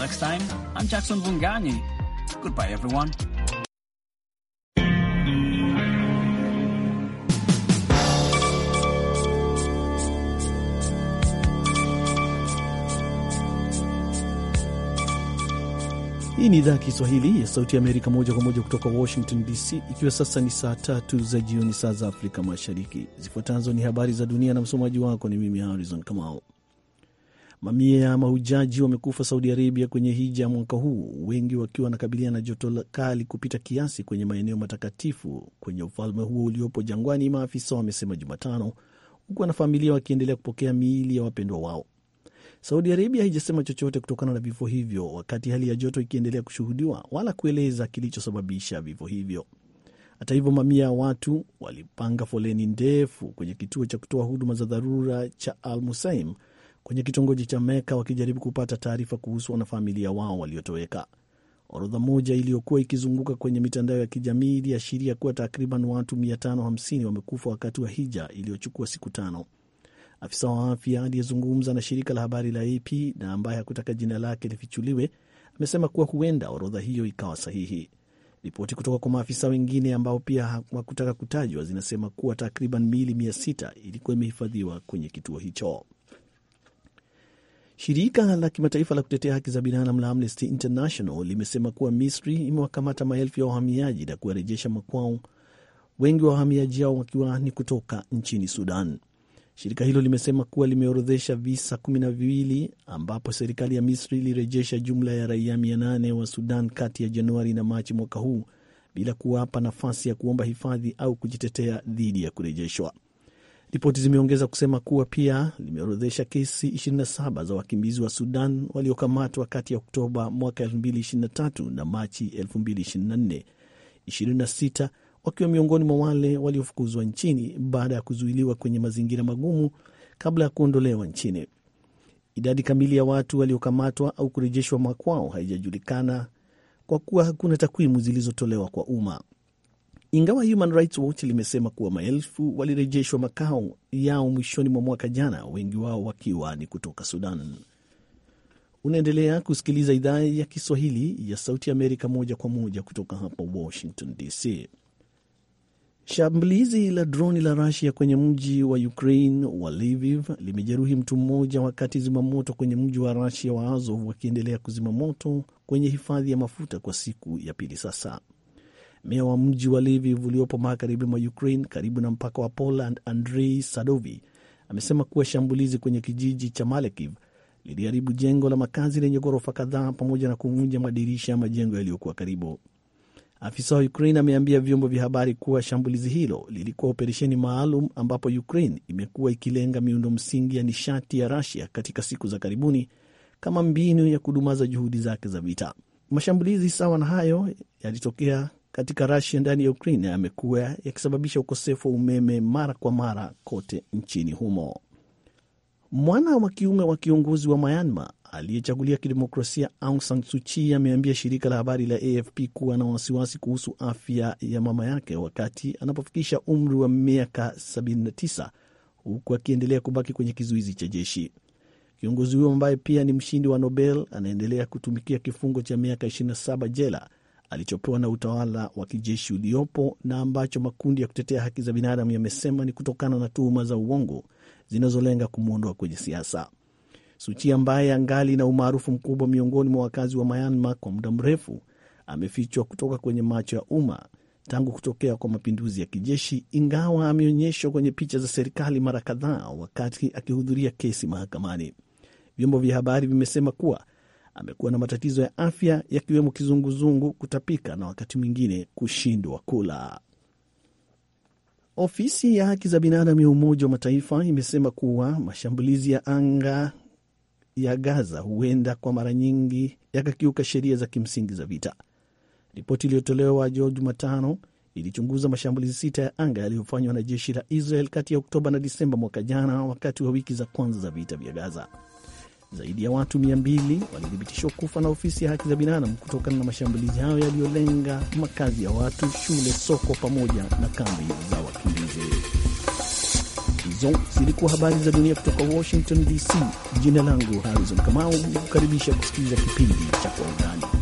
Next time, I'm Jackson Bungani. Goodbye, everyone. Hii ni idhaa ya Kiswahili ya Sauti ya Amerika moja kwa moja kutoka Washington DC, ikiwa sasa ni saa tatu za jioni, saa za Afrika Mashariki. Zifuatazo ni habari za dunia na msomaji wako ni mimi Harrison Kamau. Mamia ya mahujaji wamekufa Saudi Arabia kwenye hija mwaka huu, wengi wakiwa wanakabiliana na joto kali kupita kiasi kwenye maeneo matakatifu kwenye ufalme huo uliopo jangwani, maafisa wamesema Jumatano, huku wanafamilia wakiendelea kupokea miili ya wapendwa wao. Saudi Arabia haijasema chochote kutokana na vifo hivyo, wakati hali ya joto ikiendelea kushuhudiwa, wala kueleza kilichosababisha vifo hivyo. Hata hivyo, mamia ya watu walipanga foleni ndefu kwenye kituo cha kutoa huduma za dharura cha Al Musaim kwenye kitongoji cha Meka wakijaribu kupata taarifa kuhusu wanafamilia wao waliotoweka. Orodha moja iliyokuwa ikizunguka kwenye mitandao ya kijamii iliashiria kuwa takriban watu 550 wamekufa wakati wa hija iliyochukua siku tano. Afisa wa afya aliyezungumza na shirika la habari la AP na ambaye hakutaka jina lake lifichuliwe amesema kuwa huenda orodha hiyo ikawa sahihi. Ripoti kutoka kwa maafisa wengine ambao pia hawakutaka kutajwa zinasema kuwa takriban miili 600 ilikuwa imehifadhiwa kwenye kituo hicho. Shirika la kimataifa la kutetea haki za binadamu la Amnesty International limesema kuwa Misri imewakamata maelfu ya wahamiaji na kuwarejesha makwao, wengi wa wahamiaji hao wakiwa ni kutoka nchini Sudan. Shirika hilo limesema kuwa limeorodhesha visa kumi na viwili ambapo serikali ya Misri ilirejesha jumla ya raia mia nane wa Sudan kati ya Januari na Machi mwaka huu bila kuwapa nafasi ya kuomba hifadhi au kujitetea dhidi ya kurejeshwa. Ripoti zimeongeza kusema kuwa pia limeorodhesha kesi 27 za wakimbizi wa Sudan waliokamatwa kati ya Oktoba mwaka 2023 na Machi 2024, 26 wakiwa miongoni mwa wale waliofukuzwa nchini baada ya kuzuiliwa kwenye mazingira magumu kabla ya kuondolewa nchini. Idadi kamili ya watu waliokamatwa au kurejeshwa makwao haijajulikana kwa kuwa hakuna takwimu zilizotolewa kwa umma ingawa Human Rights Watch limesema kuwa maelfu walirejeshwa makao yao mwishoni mwa mwaka jana, wengi wao wakiwa ni kutoka Sudan. Unaendelea kusikiliza idhaa ya Kiswahili ya Sauti ya Amerika moja kwa moja kutoka hapa Washington DC. Shambulizi la droni la Rusia kwenye mji wa Ukraine wa Lviv limejeruhi mtu mmoja, wakati zimamoto kwenye mji wa Rusia wa Azov wakiendelea kuzima moto kwenye hifadhi ya mafuta kwa siku ya pili sasa. Meya wa mji wa Lviv uliopo magharibi mwa Ukraine karibu na mpaka wa Poland, Andrei Sadovi amesema kuwa shambulizi kwenye kijiji cha Malekiv liliharibu jengo la makazi lenye ghorofa kadhaa pamoja na kuvunja madirisha ya majengo yaliyokuwa karibu. Afisa wa Ukraine ameambia vyombo vya habari kuwa shambulizi hilo lilikuwa operesheni maalum ambapo Ukraine imekuwa ikilenga miundo msingi ya nishati ya rasia katika siku za karibuni kama mbinu ya kudumaza juhudi zake za vita. Mashambulizi sawa na hayo yalitokea katika Rusia ndani ya Ukraine yamekuwa yakisababisha ukosefu wa umeme mara kwa mara kote nchini humo. Mwana wa kiume wa kiongozi wa Myanmar aliyechagulia kidemokrasia Aung San Suu Kyi ameambia shirika la habari la AFP kuwa na wasiwasi kuhusu afya ya mama yake wakati anapofikisha umri wa miaka 79 huku akiendelea kubaki kwenye kizuizi cha jeshi. Kiongozi huyo ambaye pia ni mshindi wa Nobel anaendelea kutumikia kifungo cha miaka 27 jela alichopewa na utawala wa kijeshi uliopo na ambacho makundi ya kutetea haki za binadamu yamesema ni kutokana na tuhuma za uongo zinazolenga kumwondoa kwenye siasa. Suchi ambaye angali na umaarufu mkubwa miongoni mwa wakazi wa Myanmar kwa muda mrefu amefichwa kutoka kwenye macho ya umma tangu kutokea kwa mapinduzi ya kijeshi, ingawa ameonyeshwa kwenye picha za serikali mara kadhaa wakati akihudhuria kesi mahakamani. Vyombo vya habari vimesema kuwa amekuwa na matatizo ya afya yakiwemo kizunguzungu, kutapika na wakati mwingine kushindwa kula. Ofisi ya haki za binadamu ya Umoja wa Mataifa imesema kuwa mashambulizi ya anga ya Gaza huenda kwa mara nyingi yakakiuka sheria za kimsingi za vita. Ripoti iliyotolewa jo Jumatano ilichunguza mashambulizi sita ya anga yaliyofanywa na jeshi la Israel kati ya Oktoba na Disemba mwaka jana, wakati wa wiki za kwanza za vita vya Gaza. Zaidi ya watu 200 walithibitishwa kufa na ofisi ya haki za binadamu kutokana na mashambulizi hayo yaliyolenga makazi ya watu, shule, soko pamoja na kambi za wakimbizi. Hizo zilikuwa habari za dunia kutoka Washington DC. Jina langu Harrison Kamau, nikukaribisha kusikiliza kipindi cha Kwa Undani.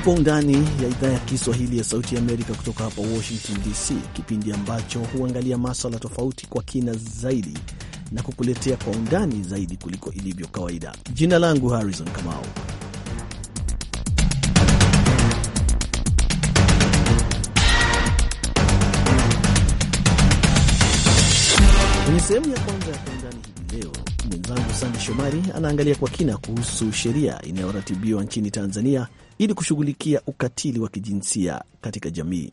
ni Kwa Undani ya idhaa ya Kiswahili ya Sauti Amerika kutoka hapa Washington DC, kipindi ambacho huangalia maswala tofauti kwa kina zaidi na kukuletea kwa undani zaidi kuliko ilivyo kawaida. Jina langu Harrison Kamau. Kwenye sehemu ya kwanza Sande Shomari anaangalia kwa kina kuhusu sheria inayoratibiwa nchini Tanzania ili kushughulikia ukatili wa kijinsia katika jamii.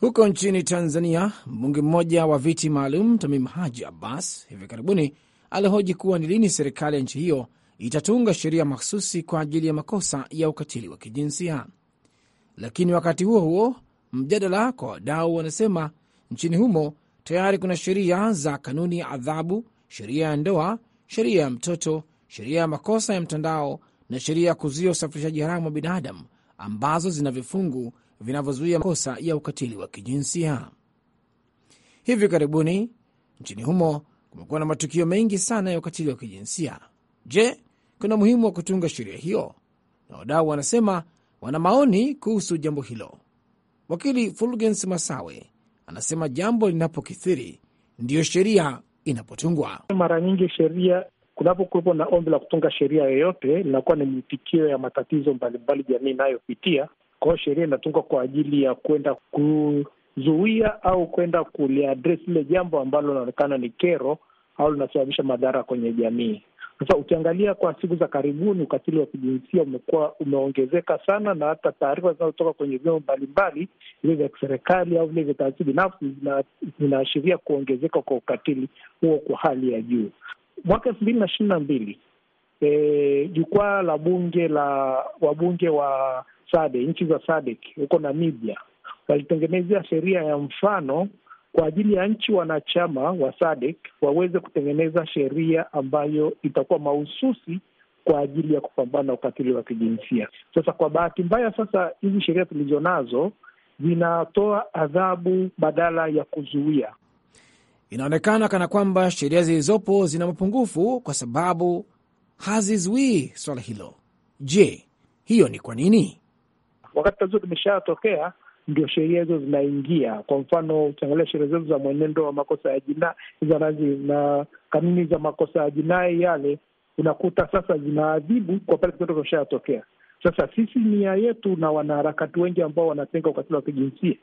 Huko nchini Tanzania, mbunge mmoja wa viti maalum Tamim Haji Abbas hivi karibuni alihoji kuwa ni lini serikali ya nchi hiyo itatunga sheria mahsusi kwa ajili ya makosa ya ukatili wa kijinsia. Lakini wakati huo huo, mjadala kwa wadau wanasema nchini humo tayari kuna sheria za kanuni ya adhabu, sheria ya ndoa sheria ya mtoto, sheria ya makosa ya mtandao na sheria ya kuzuia usafirishaji haramu wa binadamu ambazo zina vifungu vinavyozuia makosa ya ukatili wa kijinsia. Hivi karibuni nchini humo kumekuwa na matukio mengi sana ya ukatili wa kijinsia. Je, kuna umuhimu wa kutunga sheria hiyo? Na wadau wanasema wana maoni kuhusu jambo hilo. Wakili Fulgens Masawe anasema jambo linapokithiri ndiyo sheria inapotungwa. Mara nyingi sheria, kunapokuwepo na ombi la kutunga sheria yoyote, linakuwa ni mitikio ya matatizo mbalimbali jamii inayopitia. Kwa hiyo sheria inatungwa kwa ajili ya kwenda kuzuia au kwenda kuliadres lile jambo ambalo linaonekana ni kero au linasababisha madhara kwenye jamii. Sasa ukiangalia kwa siku za karibuni, ukatili wa kijinsia umekuwa umeongezeka sana, na hata taarifa zinazotoka kwenye vyombo mbalimbali, vile vya kiserikali au vile vya taasisi binafsi, zinaashiria kuongezeka kwa ukatili huo kwa hali ya juu. Mwaka elfu mbili na ishirini na mbili eh, jukwaa la bunge la wabunge wa SADC, nchi za SADC huko Namibia walitengenezea sheria ya mfano kwa ajili ya nchi wanachama wa SADC waweze kutengeneza sheria ambayo itakuwa mahususi kwa ajili ya kupambana ukatili wa kijinsia. Sasa kwa bahati mbaya, sasa hizi sheria tulizo nazo zinatoa adhabu badala ya kuzuia. Inaonekana kana kwamba sheria zilizopo zina mapungufu kwa sababu hazizuii swala hilo. Je, hiyo ni kwa nini? Wakati tatizo limeshatokea, ndio sheria hizo zinaingia. Kwa mfano, ukiangalia sheria zetu za mwenendo wa makosa ya jinai na kanuni za makosa ya jinai yale, unakuta sasa zinaadhibu kwa pale vitendo vimeshatokea. Sasa sisi nia yetu na wanaharakati wengi ambao wanapinga ukatili wa kijinsia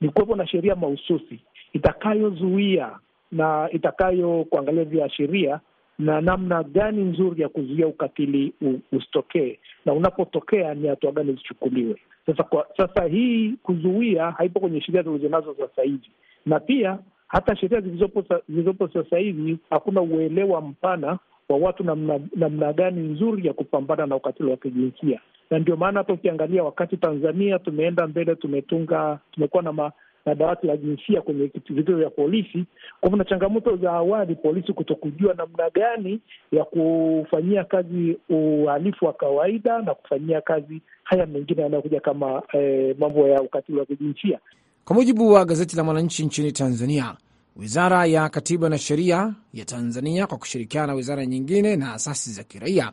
ni kuwepo na sheria mahususi itakayozuia na itakayokuangalia viashiria na namna gani nzuri ya kuzuia ukatili usitokee, na unapotokea ni hatua gani zichukuliwe. Sasa kwa sasa hii kuzuia haipo kwenye sheria tulizonazo sasa hivi, na pia hata sheria zilizopo sasa hivi hakuna uelewa mpana wa watu namna namna gani nzuri ya kupambana na ukatili wa kijinsia, na ndio maana hata ukiangalia wakati Tanzania tumeenda mbele, tumetunga tumekuwa na ma, na dawati la jinsia kwenye vituo vya polisi. Kwa hivyo na changamoto za awali, polisi kutokujua namna gani ya kufanyia kazi uhalifu wa kawaida na kufanyia kazi haya mengine yanayokuja kama eh, mambo ya ukatili wa kijinsia. Kwa mujibu wa gazeti la Mwananchi nchini Tanzania, Wizara ya Katiba na Sheria ya Tanzania kwa kushirikiana na wizara nyingine na asasi za kiraia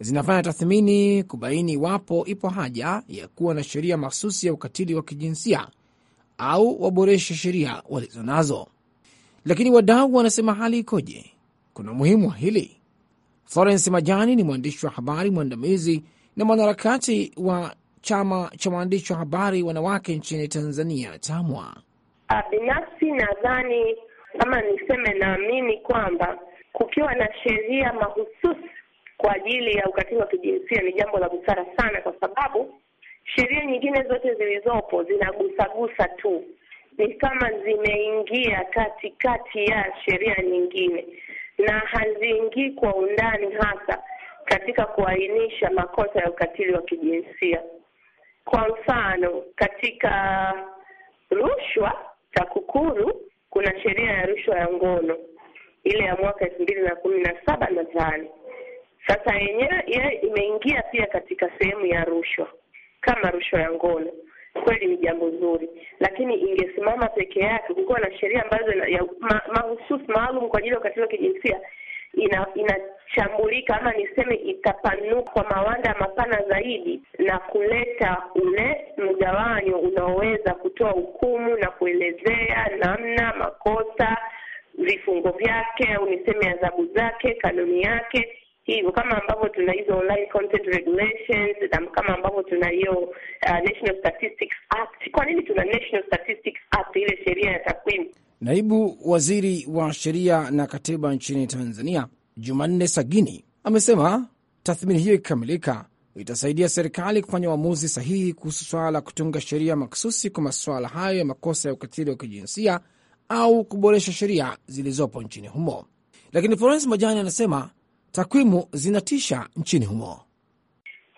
zinafanya tathmini kubaini iwapo ipo haja ya kuwa na sheria mahsusi ya ukatili wa kijinsia au waboreshe sheria walizo nazo. Lakini wadau wanasema hali ikoje? Kuna umuhimu wa hili? Florence Majani ni mwandishi wa habari mwandamizi na mwanaharakati wa chama cha waandishi wa habari wanawake nchini Tanzania, TAMWA. Ah, binafsi nadhani kama niseme, naamini kwamba kukiwa na sheria mahususi kwa ajili ya ukatili wa kijinsia ni jambo la busara sana, kwa sababu Sheria nyingine zote zilizopo zinagusagusa tu, ni kama zimeingia katikati ya sheria nyingine na haziingii kwa undani hasa katika kuainisha makosa ya ukatili wa kijinsia. Kwa mfano, katika rushwa, TAKUKURU kuna sheria ya rushwa ya ngono ile ya mwaka elfu mbili na kumi na saba nadhani. Sasa yenyewe imeingia pia katika sehemu ya rushwa kama rushwa ya ngono kweli ni jambo zuri, lakini ingesimama peke yake, kukiwa na sheria ambazo ma, mahususi maalum kwa ajili ya ukatili wa kijinsia ina, inachambulika ama niseme itapanuka kwa mawanda mapana zaidi na kuleta ule mgawanyo unaoweza kutoa hukumu na kuelezea namna makosa, vifungo vyake, au niseme adhabu zake, kanuni yake hivyo kama ambavyo tuna hizo online content regulations na kama ambavyo tuna hiyo uh, National Statistics Act. Kwa nini tuna National Statistics Act, ile sheria ya takwimu? Naibu Waziri wa Sheria na Katiba nchini Tanzania Jumanne Sagini amesema tathmini hiyo ikikamilika itasaidia serikali kufanya uamuzi sahihi kuhusu swala la kutunga sheria maksusi kwa masuala hayo ya makosa ya ukatili wa kijinsia au kuboresha sheria zilizopo nchini humo. Lakini Florence Majani anasema Takwimu zinatisha nchini humo.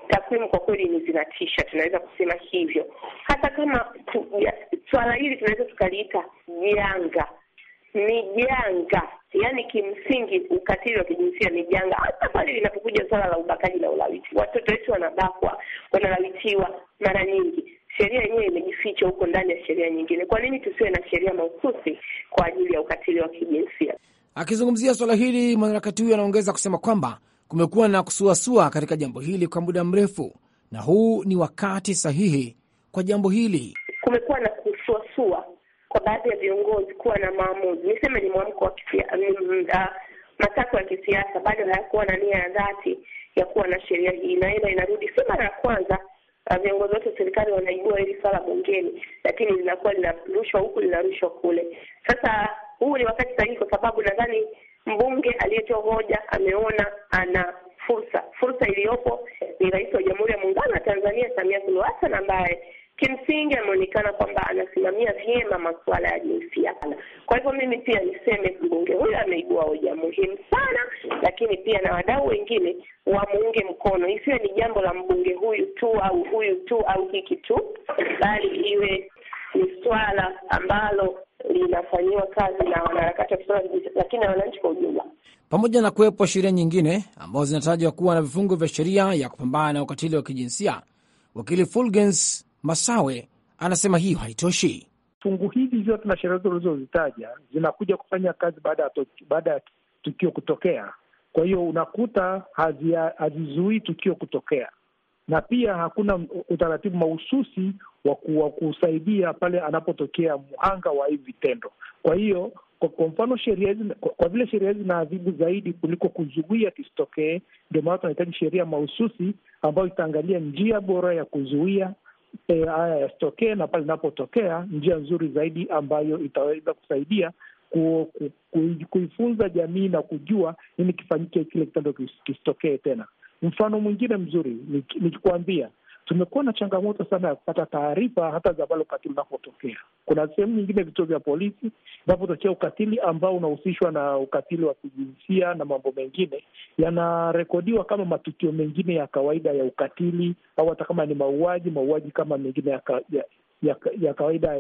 Takwimu kwa kweli ni zinatisha, tunaweza kusema hivyo, hata kama swala hili tunaweza tukaliita janga. Ni janga, yaani kimsingi ukatili wa kijinsia ni janga, hata pale linapokuja swala la ubakaji na ulawiti. Watoto wetu wanabakwa, wanalawitiwa mara nyingi sheria yenyewe imejificha huko ndani ya sheria nyingine. Kwa nini tusiwe na sheria mahususi kwa ajili ya ukatili wa kijinsia? Akizungumzia swala hili, mwanaharakati huyo anaongeza kusema kwamba kumekuwa na kusuasua katika jambo hili kwa muda mrefu na huu ni wakati sahihi kwa jambo hili. Kumekuwa na kusuasua kwa baadhi ya viongozi kuwa na maamuzi, niseme ni mwamko wa matakwa ya kisiasa, bado hayakuwa na nia ya dhati ya kuwa na sheria hii, na ila inarudi, si mara ya kwanza viongozi wote wa serikali wanaibua hili swala bungeni, lakini linakuwa linarushwa huku linarushwa kule. Sasa huu ni wakati sahihi, kwa sababu nadhani mbunge aliyetoa hoja ameona ana fursa. Fursa iliyopo ni Rais wa Jamhuri ya Muungano wa Tanzania Samia Suluhu Hassan ambaye kimsingi ameonekana kwamba anasimamia vyema masuala ya jinsia. Kwa hivyo mimi pia niseme mbunge huyo ameibua hoja muhimu sana, lakini pia na wadau wengine wamuunge mkono, isiwe ni jambo la mbunge huyu tu au huyu tu au hiki tu, bali iwe ni swala ambalo linafanyiwa kazi na wanaharakati wa kisasa, lakini na wananchi kwa ujumla, pamoja na kuwepo sheria nyingine ambazo zinatajwa kuwa na vifungu vya sheria ya kupambana na ukatili wa kijinsia. Wakili Fulgens Masawe anasema hiyo haitoshi. Fungu hizi zote na sheria zote ulizozitaja zinakuja kufanya kazi baada ya tukio kutokea. Kwa hiyo unakuta hazizuii tukio kutokea, na pia hakuna utaratibu mahususi wa kusaidia pale anapotokea mhanga wa hivi vitendo. Kwa hiyo kwa mfano sheria hizi, kwa vile sheria hizi naadhibu zaidi kuliko kuzuia kisitokee, ndio maana tunahitaji sheria mahususi ambayo itaangalia njia bora ya kuzuia eh, haya e, yasitokee, na pale inapotokea njia nzuri zaidi ambayo itaweza kusaidia ku, ku, ku, kuifunza jamii na kujua nini kifanyike kile kitendo kisitokee tena. Mfano mwingine mzuri nikikwambia ni tumekuwa na changamoto sana ya kupata taarifa hata za pale ukatili unapotokea. Kuna sehemu nyingine vituo vya polisi inapotokea ukatili ambao unahusishwa na ukatili wa kijinsia na mambo mengine, yanarekodiwa kama matukio mengine ya kawaida ya ukatili, au hata kama ni mauaji, mauaji kama mengine ya, ka, ya, ya, ya kawaida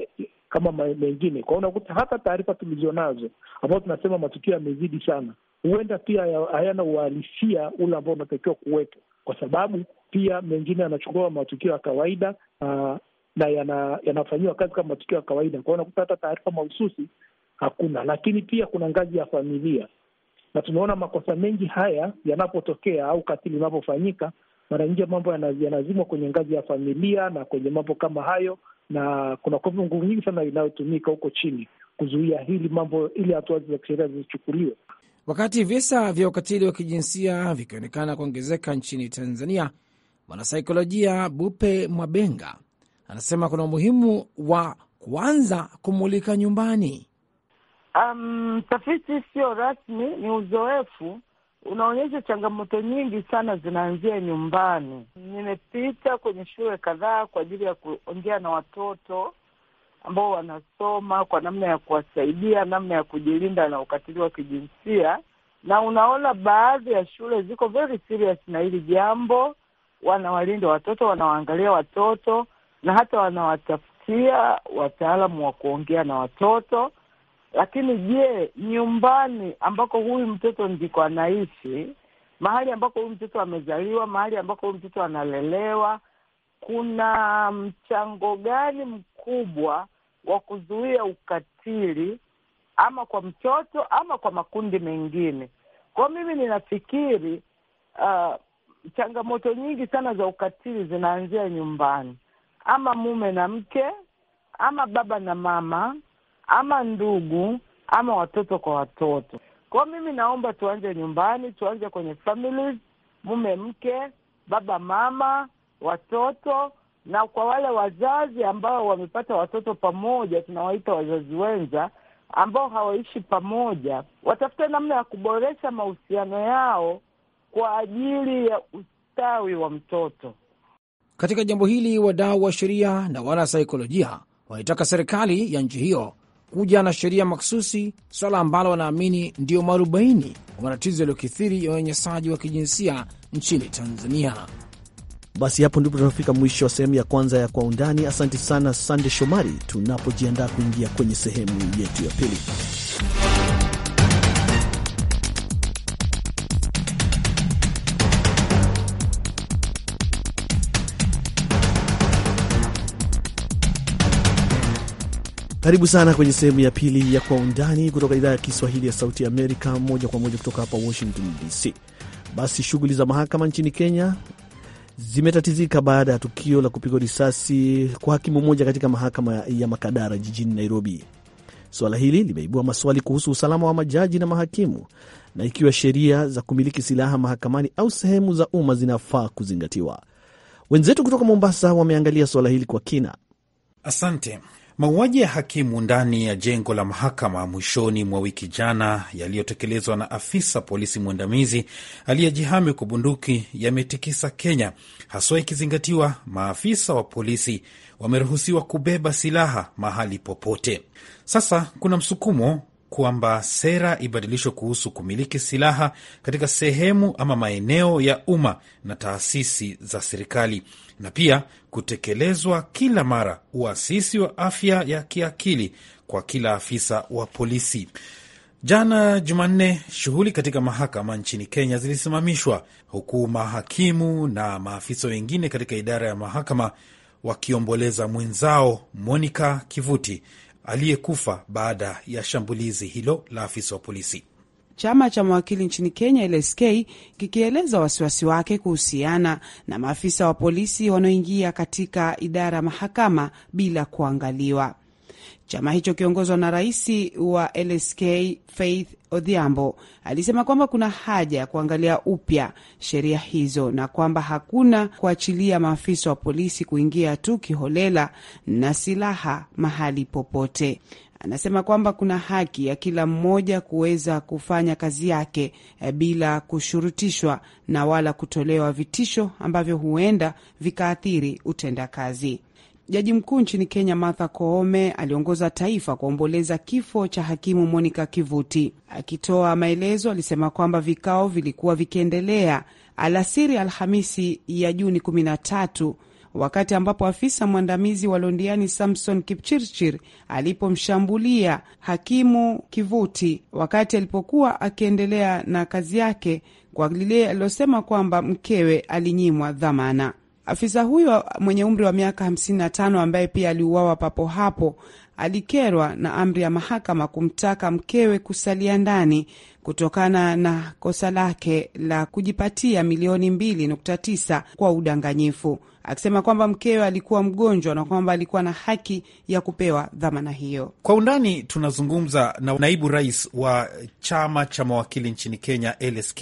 kama mengine. Kwa hiyo unakuta hata taarifa tulizonazo ambao tunasema matukio yamezidi sana, huenda pia hayana uhalisia ule ambao unatakiwa kuwepo kwa sababu pia mengine yanachukua matukio ya kawaida uh, na yana, yanafanyiwa kazi kama matukio ya kawaida. Kwa nakuta unakuta hata taarifa mahususi hakuna, lakini pia kuna ngazi ya familia, na tumeona makosa mengi haya yanapotokea au katili unapofanyika, mara nyingi mambo yanazimwa kwenye ngazi ya familia na kwenye mambo kama hayo, na kuna nguvu nyingi sana inayotumika huko chini kuzuia hili mambo, ili hatua za kisheria zisichukuliwe. Wakati visa vya ukatili wa kijinsia vikionekana kuongezeka nchini Tanzania, Mwanasaikolojia Bupe Mwabenga anasema kuna umuhimu wa kuanza kumulika nyumbani. Um, tafiti sio rasmi, ni uzoefu unaonyesha changamoto nyingi sana zinaanzia nyumbani. Nimepita kwenye shule kadhaa kwa ajili ya kuongea na watoto ambao wanasoma kwa namna ya kuwasaidia namna ya kujilinda na ukatili wa kijinsia, na unaona baadhi ya shule ziko very serious na hili jambo wanawalinda watoto, wanawaangalia watoto na hata wanawatafutia wataalamu wa kuongea na watoto. Lakini je, nyumbani ambako huyu mtoto ndiko anaishi, mahali ambako huyu mtoto amezaliwa, mahali ambako huyu mtoto analelewa, kuna mchango gani mkubwa wa kuzuia ukatili ama kwa mtoto ama kwa makundi mengine? Kwa mimi ninafikiri uh, changamoto nyingi sana za ukatili zinaanzia nyumbani, ama mume na mke, ama baba na mama, ama ndugu, ama watoto kwa watoto. Kwa mimi naomba tuanze nyumbani, tuanze kwenye families, mume mke, baba mama, watoto na kwa wale wazazi ambao wamepata watoto pamoja, tunawaita wazazi wenza, ambao hawaishi pamoja, watafute namna ya kuboresha mahusiano yao kwa ajili ya ustawi wa mtoto. Katika jambo hili, wadau wa sheria na wanasaikolojia wanaitaka serikali ya nchi hiyo kuja na sheria makususi swala ambalo wanaamini ndiyo marubaini wa matatizo yaliyokithiri ya unyanyasaji wa kijinsia nchini Tanzania. Basi hapo ndipo tunafika mwisho wa sehemu ya kwanza ya Kwa Undani. Asante sana Sande Shomari, tunapojiandaa kuingia kwenye sehemu yetu ya pili. Karibu sana kwenye sehemu ya pili ya Kwa Undani kutoka idhaa ya Kiswahili ya Sauti ya Amerika, moja kwa moja kutoka hapa Washington DC. Basi shughuli za mahakama nchini Kenya zimetatizika baada ya tukio la kupigwa risasi kwa hakimu mmoja katika mahakama ya Makadara jijini Nairobi. Suala hili limeibua maswali kuhusu usalama wa majaji na mahakimu na ikiwa sheria za kumiliki silaha mahakamani au sehemu za umma zinafaa kuzingatiwa. Wenzetu kutoka Mombasa wameangalia suala hili kwa kina. Asante. Mauaji ya hakimu ndani ya jengo la mahakama mwishoni mwa wiki jana yaliyotekelezwa na afisa polisi mwandamizi aliyejihami kwa bunduki yametikisa Kenya, haswa ikizingatiwa maafisa wa polisi wameruhusiwa kubeba silaha mahali popote. Sasa kuna msukumo kwamba sera ibadilishwe kuhusu kumiliki silaha katika sehemu ama maeneo ya umma na taasisi za serikali, na pia kutekelezwa kila mara uasisi wa afya ya kiakili kwa kila afisa wa polisi. Jana Jumanne, shughuli katika mahakama nchini Kenya zilisimamishwa huku mahakimu na maafisa wengine katika idara ya mahakama wakiomboleza mwenzao Monica Kivuti aliyekufa baada ya shambulizi hilo la afisa wa polisi. Chama cha mawakili nchini Kenya, LSK, kikieleza wasiwasi wake kuhusiana na maafisa wa polisi wanaoingia katika idara ya mahakama bila kuangaliwa. Chama hicho kiongozwa na rais wa LSK Faith Odhiambo alisema kwamba kuna haja ya kuangalia upya sheria hizo na kwamba hakuna kuachilia maafisa wa polisi kuingia tu kiholela na silaha mahali popote. Anasema kwamba kuna haki ya kila mmoja kuweza kufanya kazi yake eh, bila kushurutishwa na wala kutolewa vitisho ambavyo huenda vikaathiri utendakazi. Jaji mkuu nchini Kenya Martha Koome aliongoza taifa kuomboleza kifo cha hakimu Monica Kivuti. Akitoa maelezo, alisema kwamba vikao vilikuwa vikiendelea alasiri Alhamisi ya Juni 13 wakati ambapo afisa mwandamizi wa Londiani Samson Kipchirchir alipomshambulia hakimu Kivuti wakati alipokuwa akiendelea na kazi yake kwa lile alilosema kwamba mkewe alinyimwa dhamana. Afisa huyo mwenye umri wa miaka 55 ambaye pia aliuawa papo hapo alikerwa na amri ya mahakama kumtaka mkewe kusalia ndani kutokana na kosa lake la kujipatia milioni 2.9 kwa udanganyifu, akisema kwamba mkewe alikuwa mgonjwa na kwamba alikuwa na haki ya kupewa dhamana hiyo. Kwa undani tunazungumza na naibu rais wa chama cha mawakili nchini Kenya, LSK,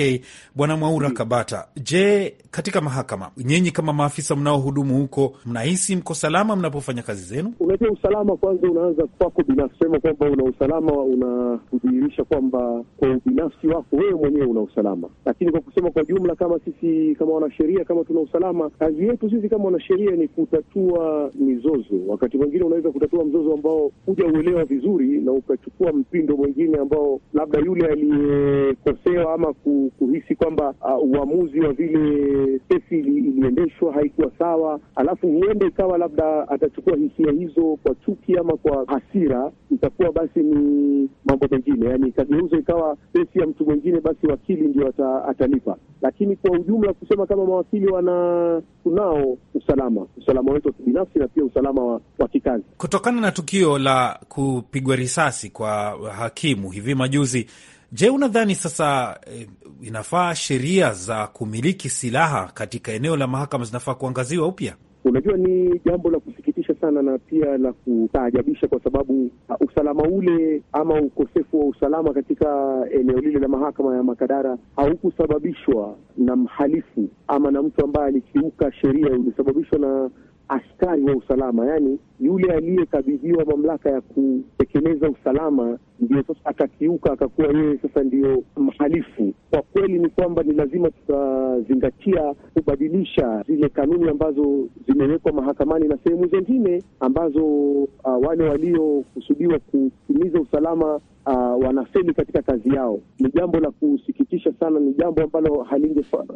Bwana Mwaura mm. Kabata. Je, katika mahakama, nyinyi kama maafisa mnaohudumu huko, mnahisi mko salama mnapofanya kazi zenu? Unajua, usalama kwanza unaanza kwako binafsi, sema kwamba una usalama, unakudhihirisha kwamba kwa ubinafsi wako wewe mwenyewe una usalama. Lakini kwa kusema kwa jumla, kama sisi kama wanasheria, kama tuna usalama, kazi yetu sisi kama wanasheria ni kutatua mizozo. Wakati mwingine unaweza kutatua mzozo ambao huja uelewa vizuri na ukachukua mpindo mwingine ambao labda yule aliyekosewa ama kuhisi kwamba uh, uamuzi wa vile e, kesi iliendeshwa haikuwa sawa, alafu huende ikawa labda atachukua hisia hizo kwa chuki ama kwa hasira, itakuwa basi ni mambo mengine, yaani kageuzo ikawa kesi ya mtu mwingine, basi wakili ndio ata, atalipa. Lakini kwa ujumla kusema kama mawakili wana tunao usalama, usalama wetu wa kibinafsi na pia usalama wa, wa kikazi, kutokana na tukio la kupigwa risasi kwa hakimu hivi majuzi. Je, unadhani sasa eh, inafaa sheria za kumiliki silaha katika eneo la mahakama zinafaa kuangaziwa upya? Unajua, ni jambo la kusikitisha sana na pia la kutaajabisha, kwa sababu uh, usalama ule ama ukosefu wa usalama katika eneo lile la mahakama ya Makadara haukusababishwa na mhalifu ama na mtu ambaye alikiuka sheria, ulisababishwa na askari wa usalama, yaani yule aliyekabidhiwa mamlaka ya kutekeleza usalama ndio sasa akakiuka akakuwa yeye sasa ndiyo mhalifu. Kwa kweli ni kwamba ni lazima tutazingatia kubadilisha zile kanuni ambazo zimewekwa mahakamani na sehemu zingine ambazo uh, wale waliokusudiwa kutimiza usalama uh, ah, wanafeli katika kazi yao. Ni jambo la kusikitisha sana, ni jambo ambalo halingepaswa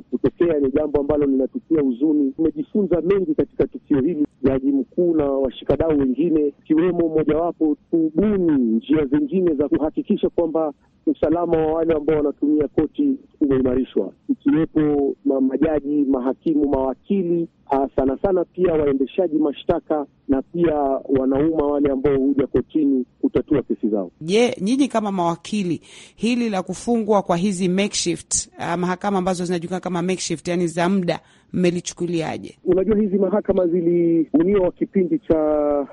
uh, kutokea, ni jambo ambalo linatukia huzuni. Tumejifunza mengi katika tukio hili, jaji mkuu na washikadau wengine, ikiwemo mmojawapo tubuni njia zingine za kuhakikisha kwamba usalama wa wale ambao wanatumia koti umeimarishwa, ikiwepo majaji, mahakimu, mawakili ah, sana sana, pia waendeshaji mashtaka na pia wanauma wale ambao huja kotini kutatua kesi zao. Je, yeah, nyinyi kama mawakili, hili la kufungwa kwa hizi makeshift uh, mahakama ambazo zinajulikana kama makeshift, yani za muda mmelichukuliaje? Unajua, hizi mahakama zilibuniwa kipindi cha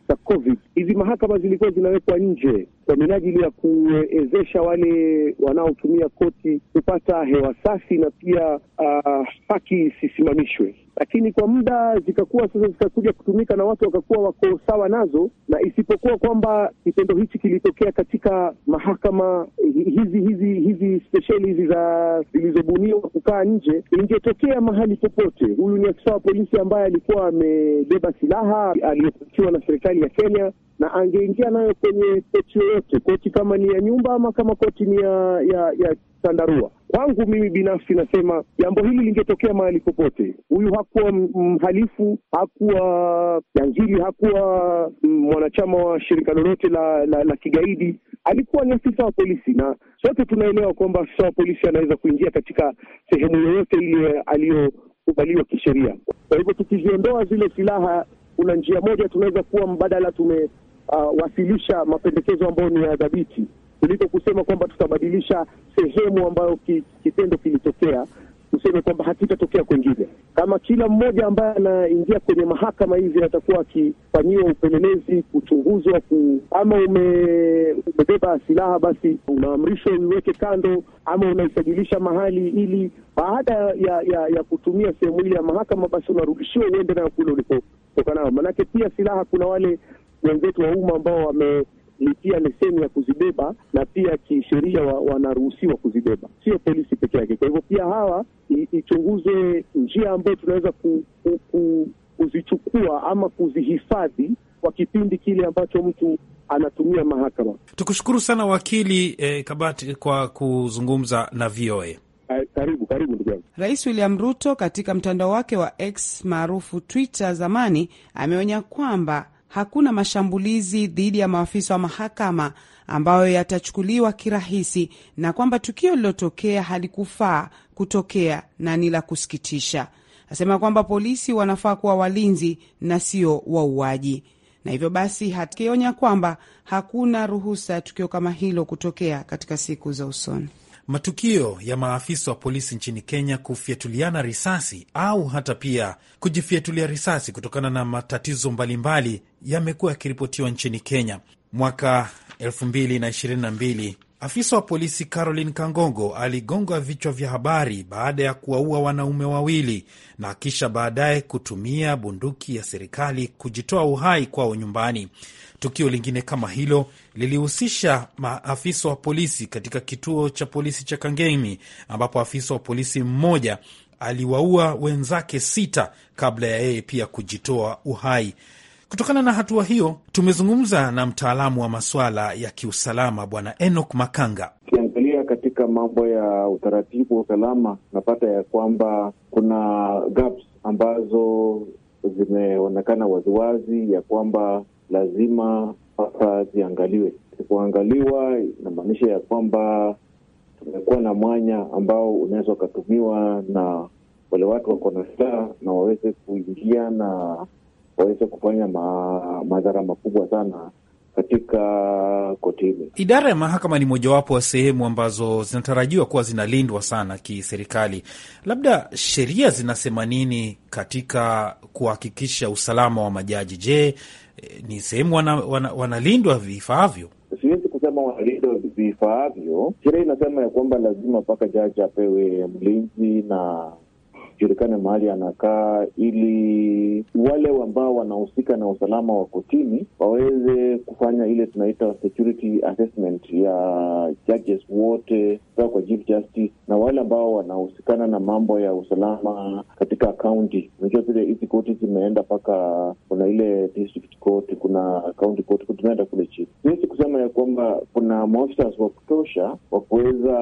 cha COVID. Hizi mahakama zilikuwa zinawekwa nje kwa minajili ya kuwezesha wale wanaotumia koti kupata hewa safi na pia uh, haki isisimamishwe lakini kwa muda zikakuwa sasa zikakuja kutumika na watu wakakuwa wako sawa nazo, na isipokuwa kwamba kitendo hichi kilitokea katika mahakama hizi hizi hizi spesheli hizi za zilizobuniwa kukaa nje. Ingetokea mahali popote, huyu ni afisa wa polisi ambaye alikuwa amebeba silaha aliyopakiwa na serikali ya Kenya na angeingia nayo kwenye koti yoyote, koti kama ni ya nyumba ama kama koti ni ya ya, ya tandarua. Kwangu mimi binafsi nasema jambo hili lingetokea mahali popote. Huyu hakuwa mhalifu, hakuwa jangili, hakuwa mm, mwanachama wa shirika lolote la, la, la kigaidi. Alikuwa ni afisa wa polisi, na sote tunaelewa kwamba afisa wa polisi anaweza kuingia katika sehemu yoyote ile aliyokubaliwa kisheria. Kwa hivyo tukiziondoa zile silaha, kuna njia moja tunaweza kuwa mbadala tume uh, wasilisha mapendekezo ambayo ni ya dhabiti kuliko kusema kwamba tutabadilisha sehemu ambayo ki, kitendo kilitokea tuseme kwamba hakitatokea kwengine. Kama kila mmoja ambaye anaingia kwenye mahakama hivi atakuwa akifanyiwa upelelezi, kuchunguzwa ku, ama ume, umebeba silaha, basi unaamrishwa uiweke kando ama unaisajilisha mahali, ili baada ya ya, ya kutumia sehemu ile ya mahakama, basi unarudishiwa uende nayo kule ulikotokanayo. Maanake pia silaha, kuna wale wenzetu wa umma ambao wamelipia leseni ya kuzibeba na pia kisheria wanaruhusiwa wa kuzibeba, sio polisi peke yake. Kwa hivyo pia hawa ichunguze njia ambayo tunaweza ku, ku, ku, kuzichukua ama kuzihifadhi kwa kipindi kile ambacho mtu anatumia mahakama. Tukushukuru sana wakili eh, Kabati kwa kuzungumza na VOA. Karibu karibu ndugu yangu. Rais William Ruto katika mtandao wake wa X maarufu Twitter zamani ameonya kwamba hakuna mashambulizi dhidi ya maafisa wa mahakama ambayo yatachukuliwa kirahisi na kwamba tukio lilotokea halikufaa kutokea na ni la kusikitisha. Asema kwamba polisi wanafaa kuwa walinzi na sio wauaji, na hivyo basi hakionya kwamba hakuna ruhusa ya tukio kama hilo kutokea katika siku za usoni. Matukio ya maafisa wa polisi nchini Kenya kufyatuliana risasi au hata pia kujifyatulia risasi kutokana na matatizo mbalimbali yamekuwa yakiripotiwa nchini Kenya. Mwaka 2022 afisa wa polisi Caroline Kangogo aligonga vichwa vya habari baada ya kuwaua wanaume wawili na kisha baadaye kutumia bunduki ya serikali kujitoa uhai kwao nyumbani. Tukio lingine kama hilo lilihusisha maafisa wa polisi katika kituo cha polisi cha Kangemi ambapo afisa wa polisi mmoja aliwaua wenzake sita kabla ya yeye pia kujitoa uhai. Kutokana na hatua hiyo, tumezungumza na mtaalamu wa masuala ya kiusalama Bwana enok Makanga. Ukiangalia katika mambo ya utaratibu wa usalama, unapata ya kwamba kuna gaps ambazo zimeonekana waziwazi ya kwamba lazima sasa ziangaliwe. Isipoangaliwa inamaanisha ya kwamba tumekuwa na mwanya ambao unaweza ukatumiwa na wale watu wako na silaha na waweze kuingia na waweze kufanya ma, madhara makubwa sana katika koti hili. Idara ya mahakama ni mojawapo wa sehemu ambazo zinatarajiwa kuwa zinalindwa sana kiserikali. Labda sheria zinasema nini katika kuhakikisha usalama wa majaji? Je, Eh, ni sehemu wanalindwa wana, wana vifaavyo. Siwezi kusema wanalindwa vifaavyo. Sheria inasema ya kwamba lazima mpaka jaji apewe mlinzi na kujulikana mahali anakaa, ili wale ambao wanahusika na usalama wa kotini waweze kufanya ile tunaita security assessment ya judges wote kwa chief justice na wale ambao wanahusikana na mambo ya usalama katika kaunti. Unajua vile hizi koti zimeenda mpaka kuna ile district court, kuna county court, tumeenda kule chini. Siwezi kusema ya kwamba kuna maofisa wa kutosha wa kuweza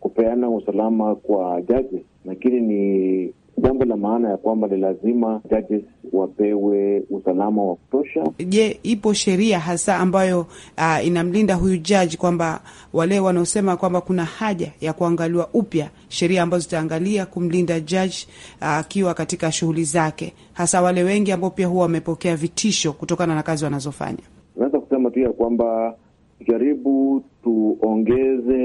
kupeana usalama kwa judges, lakini ni jambo la maana ya kwamba ni lazima judges wapewe usalama wa kutosha. Je, ipo sheria hasa ambayo uh, inamlinda huyu jaji kwamba wale wanaosema kwamba kuna haja ya kuangaliwa upya sheria ambazo zitaangalia kumlinda jaji ah, akiwa uh, katika shughuli zake, hasa wale wengi ambao pia huwa wamepokea vitisho kutokana na kazi wanazofanya? Naweza kusema tu ya kwamba tujaribu tuongeze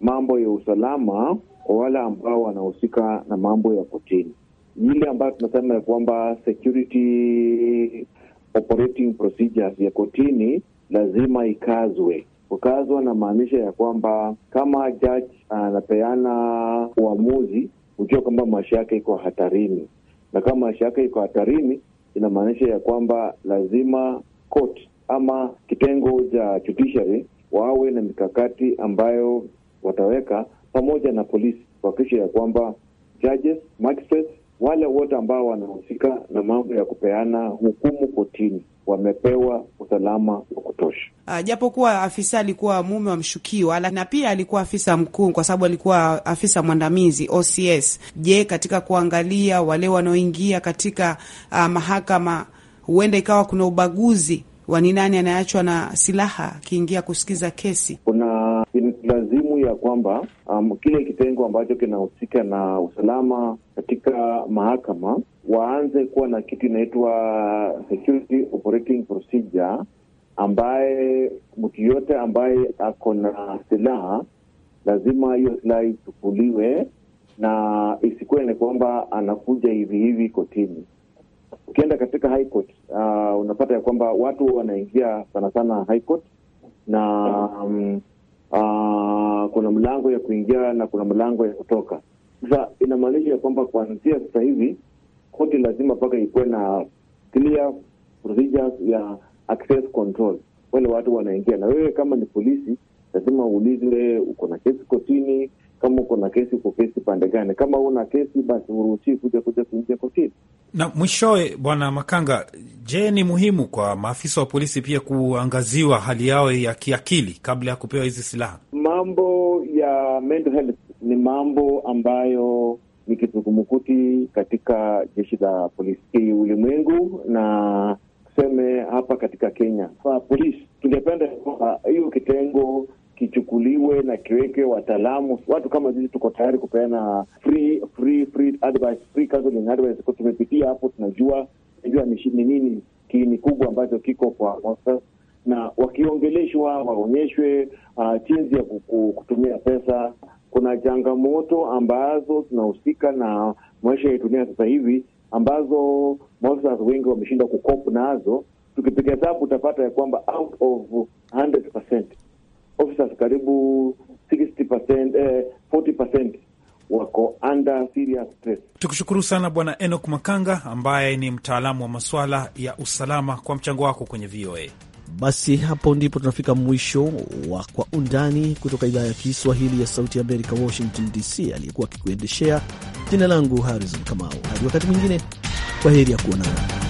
mambo ya usalama kwa wale ambao wanahusika na mambo ya kotini, ile ambayo tunasema ya kwamba security operating procedures ya kotini lazima ikazwe. Kukazwa na maanisha ya kwamba kama jaji anapeana uamuzi, hujua kwamba maisha yake iko hatarini, na kama maisha yake iko hatarini, inamaanisha ya kwamba lazima court ama kitengo cha judiciary wawe na mikakati ambayo wataweka pamoja na polisi kuhakikisha ya kwamba judges, magistrates, wale wote ambao wanahusika na mambo ya kupeana hukumu kotini wamepewa usalama wa kutosha. Uh, ah, kuwa afisa alikuwa mume wa mshukiwa na pia alikuwa afisa mkuu, kwa sababu alikuwa afisa mwandamizi OCS. Je, katika kuangalia wale wanaoingia katika uh, mahakama, huenda ikawa kuna ubaguzi wa ni nani anayeachwa na silaha akiingia kusikiza kesi, kuna lazima ya kwamba um, kile kitengo ambacho kinahusika na usalama katika mahakama waanze kuwa na kitu inaitwa security operating procedure, ambaye mtu yote ambaye ako na silaha lazima hiyo silaha ichukuliwe na isikuwe ni kwamba anakuja hivi hivi kotini. Ukienda katika high court, uh, unapata ya kwamba watu wanaingia sana sana high court na um, kuna mlango ya kuingia na kuna mlango ya kutoka. Sasa inamaanisha ya kwamba kuanzia sasa hivi koti lazima mpaka ikuwe na clear procedures ya access control, wale watu wanaingia. Na wewe kama ni polisi, lazima uulize uko na kesi kotini, kama uko na kesi, uko kesi pande gani? Kama una kesi, basi uruhusii kuja kuja kuingia kotini. Na mwishowe, Bwana Makanga, je, ni muhimu kwa maafisa wa polisi pia kuangaziwa hali yao ya kiakili kabla ya kupewa hizi silaha? Mambo ya mental health ni mambo ambayo ni kizungumkuti katika jeshi la polisi ulimwengu na tuseme hapa katika Kenya kwa polisi, tungependa kwamba hiyo kitengo kichukuliwe na kiweke wataalamu, watu kama sisi tuko tayari kupeana free free free advice, free counseling advice. Tumepitia hapo, tunajua tunajua ni nini kiini kubwa ambacho kiko kwa na wakiongeleshwa waonyeshwe uh, jinsi uh, ya kutumia pesa. Kuna changamoto ambazo zinahusika na maisha ya dunia sasa hivi ambazo maofisa wengi wameshindwa kukopu nazo. Tukipiga hesabu utapata ya kwamba out of 100% officers karibu 60%, eh, 40% wako under serious stress. Tukushukuru sana Bwana Enoch Makanga ambaye ni mtaalamu wa masuala ya usalama kwa mchango wako kwenye VOA. Basi hapo ndipo tunafika mwisho wa Kwa Undani kutoka idhaa ya Kiswahili ya Sauti ya Amerika, Washington DC. Aliyekuwa akikuendeshea, jina langu Harrison Kamau. Hadi wakati mwingine, kwa heri ya kuonana.